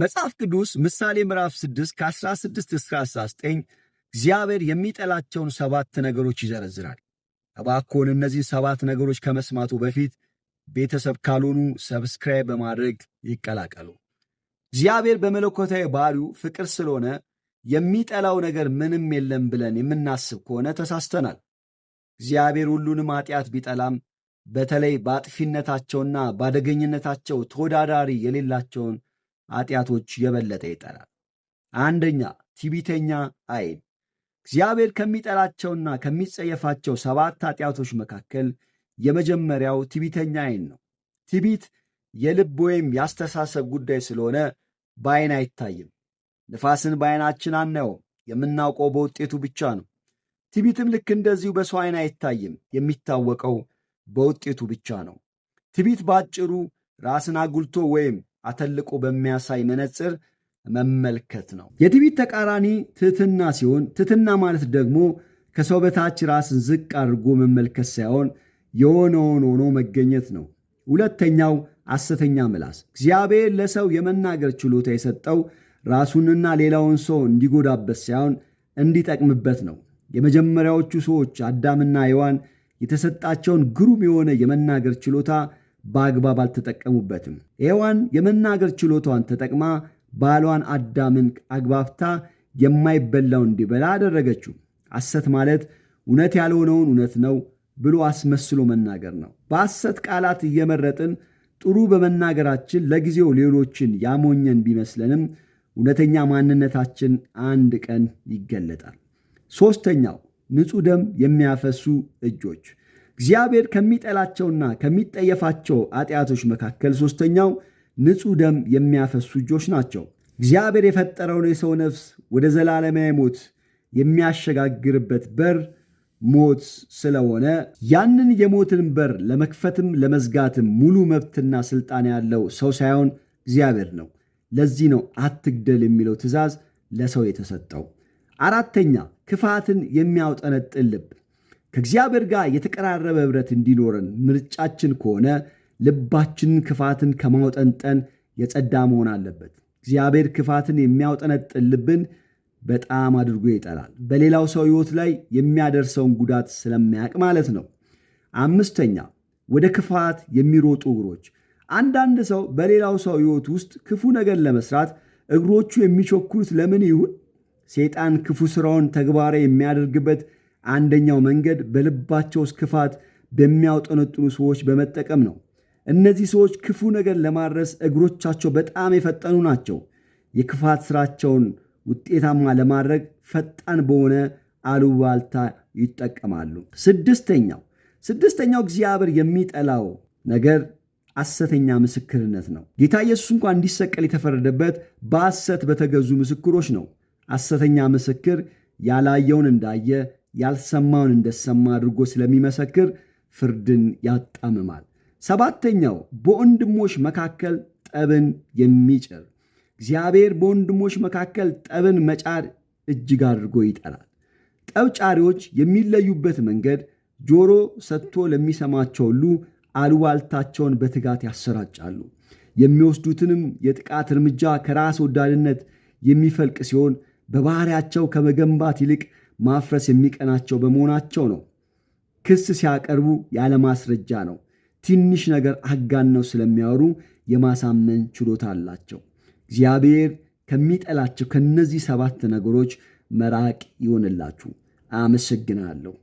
መጽሐፍ ቅዱስ ምሳሌ ምዕራፍ 6 ከ16 እስከ 19 እግዚአብሔር የሚጠላቸውን ሰባት ነገሮች ይዘረዝራል። እባክዎን እነዚህን ሰባት ነገሮች ከመስማቱ በፊት ቤተሰብ ካልሆኑ ሰብስክራይብ በማድረግ ይቀላቀሉ። እግዚአብሔር በመለኮታዊ ባህሪው ፍቅር ስለሆነ የሚጠላው ነገር ምንም የለም ብለን የምናስብ ከሆነ ተሳስተናል። እግዚአብሔር ሁሉንም ኃጢአት ቢጠላም በተለይ በአጥፊነታቸውና በአደገኝነታቸው ተወዳዳሪ የሌላቸውን ኃጢአቶች የበለጠ ይጠላል። አንደኛ ትዕቢተኛ ዓይን። እግዚአብሔር ከሚጠላቸውና ከሚጸየፋቸው ሰባት ኃጢአቶች መካከል የመጀመሪያው ትዕቢተኛ ዓይን ነው። ትዕቢት የልብ ወይም የአስተሳሰብ ጉዳይ ስለሆነ በዓይን አይታይም። ንፋስን በዓይናችን አናየውም፣ የምናውቀው በውጤቱ ብቻ ነው። ትዕቢትም ልክ እንደዚሁ በሰው ዓይን አይታይም፣ የሚታወቀው በውጤቱ ብቻ ነው። ትዕቢት በአጭሩ ራስን አጉልቶ ወይም አተልቆ በሚያሳይ መነጽር መመልከት ነው። የትዕቢት ተቃራኒ ትህትና ሲሆን ትህትና ማለት ደግሞ ከሰው በታች ራስን ዝቅ አድርጎ መመልከት ሳይሆን የሆነውን ሆኖ መገኘት ነው። ሁለተኛው ሐሰተኛ ምላስ እግዚአብሔር ለሰው የመናገር ችሎታ የሰጠው ራሱንና ሌላውን ሰው እንዲጎዳበት ሳይሆን እንዲጠቅምበት ነው። የመጀመሪያዎቹ ሰዎች አዳምና ሔዋን የተሰጣቸውን ግሩም የሆነ የመናገር ችሎታ በአግባብ አልተጠቀሙበትም። ሔዋን የመናገር ችሎታዋን ተጠቅማ ባሏን አዳምን አግባብታ የማይበላው እንዲበላ አደረገችው። ሐሰት ማለት እውነት ያልሆነውን እውነት ነው ብሎ አስመስሎ መናገር ነው። በሐሰት ቃላት እየመረጥን ጥሩ በመናገራችን ለጊዜው ሌሎችን ያሞኘን ቢመስለንም እውነተኛ ማንነታችን አንድ ቀን ይገለጣል። ሦስተኛው ንጹሕ ደም የሚያፈሱ እጆች እግዚአብሔር ከሚጠላቸውና ከሚጠየፋቸው ኃጢአቶች መካከል ሦስተኛው ንጹሕ ደም የሚያፈሱ እጆች ናቸው። እግዚአብሔር የፈጠረውን የሰው ነፍስ ወደ ዘላለማዊ ሞት የሚያሸጋግርበት በር ሞት ስለሆነ ያንን የሞትን በር ለመክፈትም ለመዝጋትም ሙሉ መብትና ስልጣን ያለው ሰው ሳይሆን እግዚአብሔር ነው። ለዚህ ነው አትግደል የሚለው ትእዛዝ ለሰው የተሰጠው። አራተኛ ክፋትን የሚያውጠነጥን ልብ ከእግዚአብሔር ጋር የተቀራረበ ኅብረት እንዲኖረን ምርጫችን ከሆነ ልባችንን ክፋትን ከማውጠንጠን የጸዳ መሆን አለበት። እግዚአብሔር ክፋትን የሚያውጠነጥን ልብን በጣም አድርጎ ይጠላል፣ በሌላው ሰው ሕይወት ላይ የሚያደርሰውን ጉዳት ስለሚያውቅ ማለት ነው። አምስተኛ ወደ ክፋት የሚሮጡ እግሮች። አንዳንድ ሰው በሌላው ሰው ሕይወት ውስጥ ክፉ ነገር ለመስራት እግሮቹ የሚቸኩሉት ለምን ይሁን? ሰይጣን ክፉ ሥራውን ተግባራዊ የሚያደርግበት አንደኛው መንገድ በልባቸው ውስጥ ክፋት በሚያውጠነጥኑ ሰዎች በመጠቀም ነው። እነዚህ ሰዎች ክፉ ነገር ለማድረስ እግሮቻቸው በጣም የፈጠኑ ናቸው። የክፋት ሥራቸውን ውጤታማ ለማድረግ ፈጣን በሆነ አሉባልታ ይጠቀማሉ። ስድስተኛው ስድስተኛው እግዚአብሔር የሚጠላው ነገር ሐሰተኛ ምስክርነት ነው። ጌታ ኢየሱስ እንኳ እንዲሰቀል የተፈረደበት በሐሰት በተገዙ ምስክሮች ነው። ሐሰተኛ ምስክር ያላየውን እንዳየ ያልሰማውን እንደሰማ አድርጎ ስለሚመሰክር ፍርድን ያጣምማል። ሰባተኛው በወንድሞች መካከል ጠብን የሚጭር እግዚአብሔር በወንድሞች መካከል ጠብን መጫር እጅግ አድርጎ ይጠላል። ጠብ ጫሪዎች የሚለዩበት መንገድ ጆሮ ሰጥቶ ለሚሰማቸው ሁሉ አሉባልታቸውን በትጋት ያሰራጫሉ። የሚወስዱትንም የጥቃት እርምጃ ከራስ ወዳድነት የሚፈልቅ ሲሆን በባህሪያቸው ከመገንባት ይልቅ ማፍረስ የሚቀናቸው በመሆናቸው ነው። ክስ ሲያቀርቡ ማስረጃ ነው። ትንሽ ነገር አጋነው ስለሚያወሩ የማሳመን ችሎታ አላቸው። እግዚአብሔር ከሚጠላቸው ከእነዚህ ሰባት ነገሮች መራቅ ይሆንላችሁ። አመሰግናለሁ።